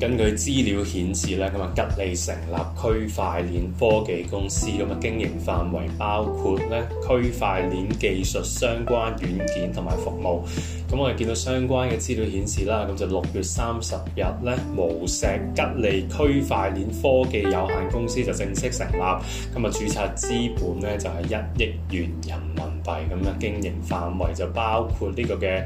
根據資料顯示咧，咁啊吉利成立區塊鏈科技公司，咁啊經營範圍包括咧區塊鏈技術相關軟件同埋服務。咁我哋見到相關嘅資料顯示啦，咁就六月三十日咧，無錫吉利區塊鏈科技有限公司就正式成立，咁啊註冊資本咧就係一億元人民幣，咁啊經營範圍就包括呢個嘅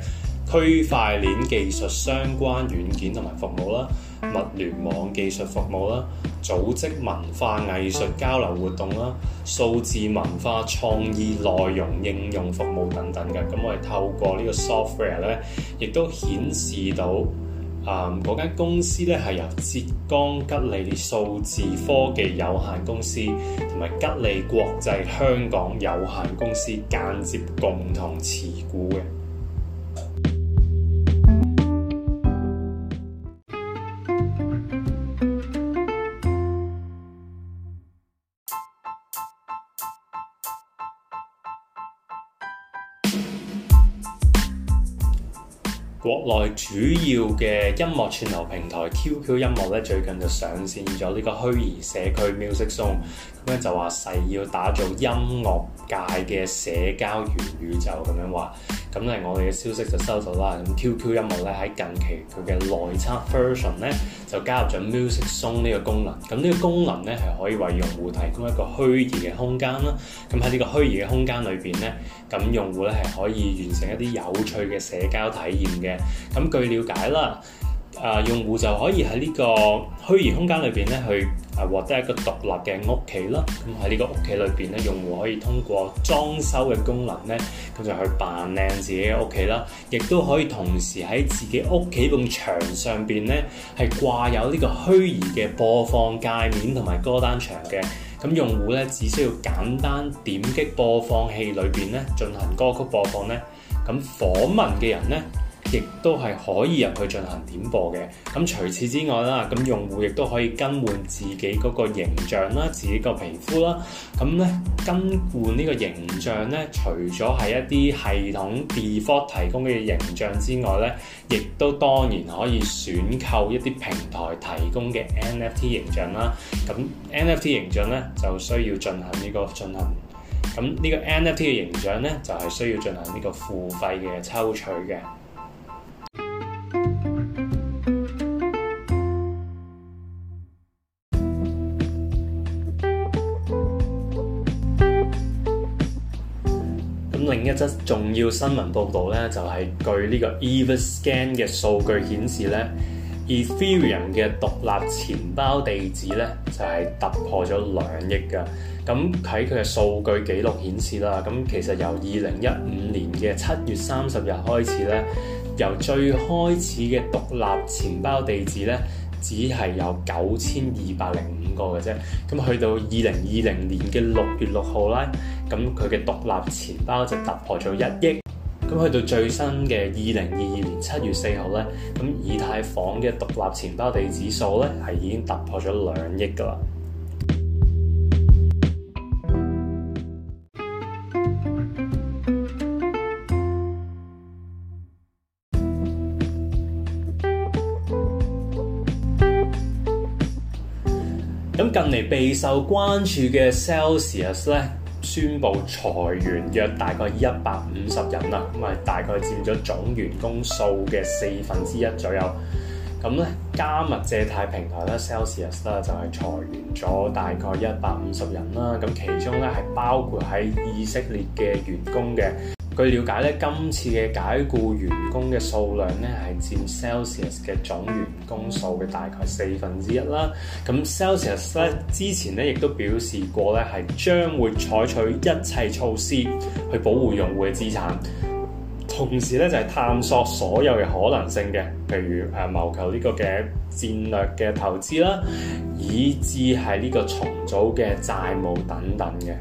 區塊鏈技術相關軟件同埋服務啦。物聯網技術服務啦，組織文化藝術交流活動啦，數字文化創意內容應用服務等等嘅，咁、嗯、我哋透過個呢個 software 咧，亦都顯示到啊嗰間公司咧係由浙江吉利數字科技有限公司同埋吉利國際香港有限公司間接共同持股嘅。國內主要嘅音樂串流平台 QQ 音樂咧，最近就上線咗呢個虛擬社區 Music Zone。咁就話誓要打造音樂界嘅社交元宇宙咁樣話，咁咧我哋嘅消息就收到啦。咁 QQ 音樂咧喺近期佢嘅內測 version 咧就加入咗 music song 呢個功能，咁呢個功能咧係可以為用戶提供一個虛擬嘅空間啦。咁喺呢個虛擬嘅空間裏邊咧，咁用戶咧係可以完成一啲有趣嘅社交體驗嘅。咁據了解啦。啊、呃！用戶就可以喺呢個虛擬空間裏邊咧，去獲得一個獨立嘅屋企啦。咁喺呢個屋企裏邊咧，用戶可以通過裝修嘅功能咧，咁就去扮靚自己嘅屋企啦。亦都可以同時喺自己屋企棟牆上邊咧，係掛有呢個虛擬嘅播放界面同埋歌單牆嘅。咁用戶咧只需要簡單點擊播放器裏邊咧進行歌曲播放咧，咁訪問嘅人咧。亦都係可以入去進行點播嘅。咁除此之外啦，咁用戶亦都可以更換自己嗰個形象啦，自己個皮膚啦。咁咧，更換呢個形象咧，除咗係一啲系統 default 提供嘅形象之外咧，亦都當然可以選購一啲平台提供嘅 NFT 形象啦。咁 NFT 形象咧就需要進行呢個進行咁呢個 NFT 嘅形象咧，就係需要進行呢個付費嘅抽取嘅。另一則重要新聞報導咧，就係、是、據呢個 Everscan 嘅數據顯示咧 ，Ethereum 嘅獨立錢包地址咧就係、是、突破咗兩億㗎。咁喺佢嘅數據記錄顯示啦，咁其實由二零一五年嘅七月三十日開始咧，由最開始嘅獨立錢包地址咧，只係有九千二百零五個嘅啫。咁去到二零二零年嘅六月六號咧。咁佢嘅獨立錢包就突破咗一億，咁去到最新嘅二零二二年七月四號咧，咁以太坊嘅獨立錢包地址數咧係已經突破咗兩億噶啦。咁近嚟備受關注嘅 Celsius 咧。宣布裁員約大概一百五十人啦，咁係大概佔咗總員工數嘅四分之一左右。咁咧加密借貸平台咧，Celsius 咧就係裁員咗大概一百五十人啦。咁其中咧係包括喺以色列嘅員工嘅。據了解咧，今次嘅解雇員工嘅數量咧，係佔 Celsius 嘅總員工數嘅大概四分之一啦。咁 Celsius 之前咧，亦都表示過咧，係將會採取一切措施去保護用戶嘅資產，同時咧就係、是、探索所有嘅可能性嘅，譬如誒謀求呢個嘅戰略嘅投資啦，以至係呢個重組嘅債務等等嘅。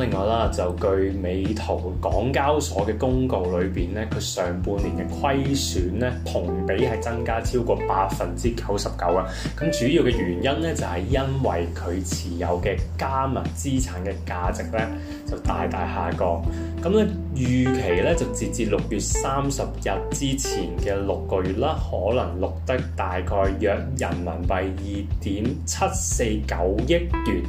另外啦，就據美圖港交所嘅公告裏邊咧，佢上半年嘅虧損咧同比係增加超過百分之九十九啊！咁主要嘅原因咧就係因為佢持有嘅加密資產嘅價值咧就大大下降。咁咧預期咧就截至六月三十日之前嘅六個月啦，可能錄得大概約人民幣二點七四九億元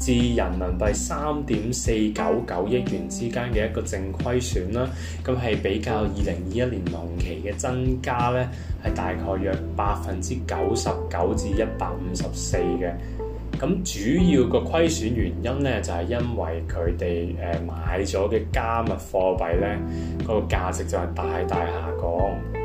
至人民幣三點四四九九億元之間嘅一個淨虧損啦，咁係比較二零二一年同期嘅增加咧，係大概約百分之九十九至一百五十四嘅。咁主要個虧損原因咧，就係、是、因為佢哋誒買咗嘅加密貨幣咧，嗰、那個價值就係大大下降。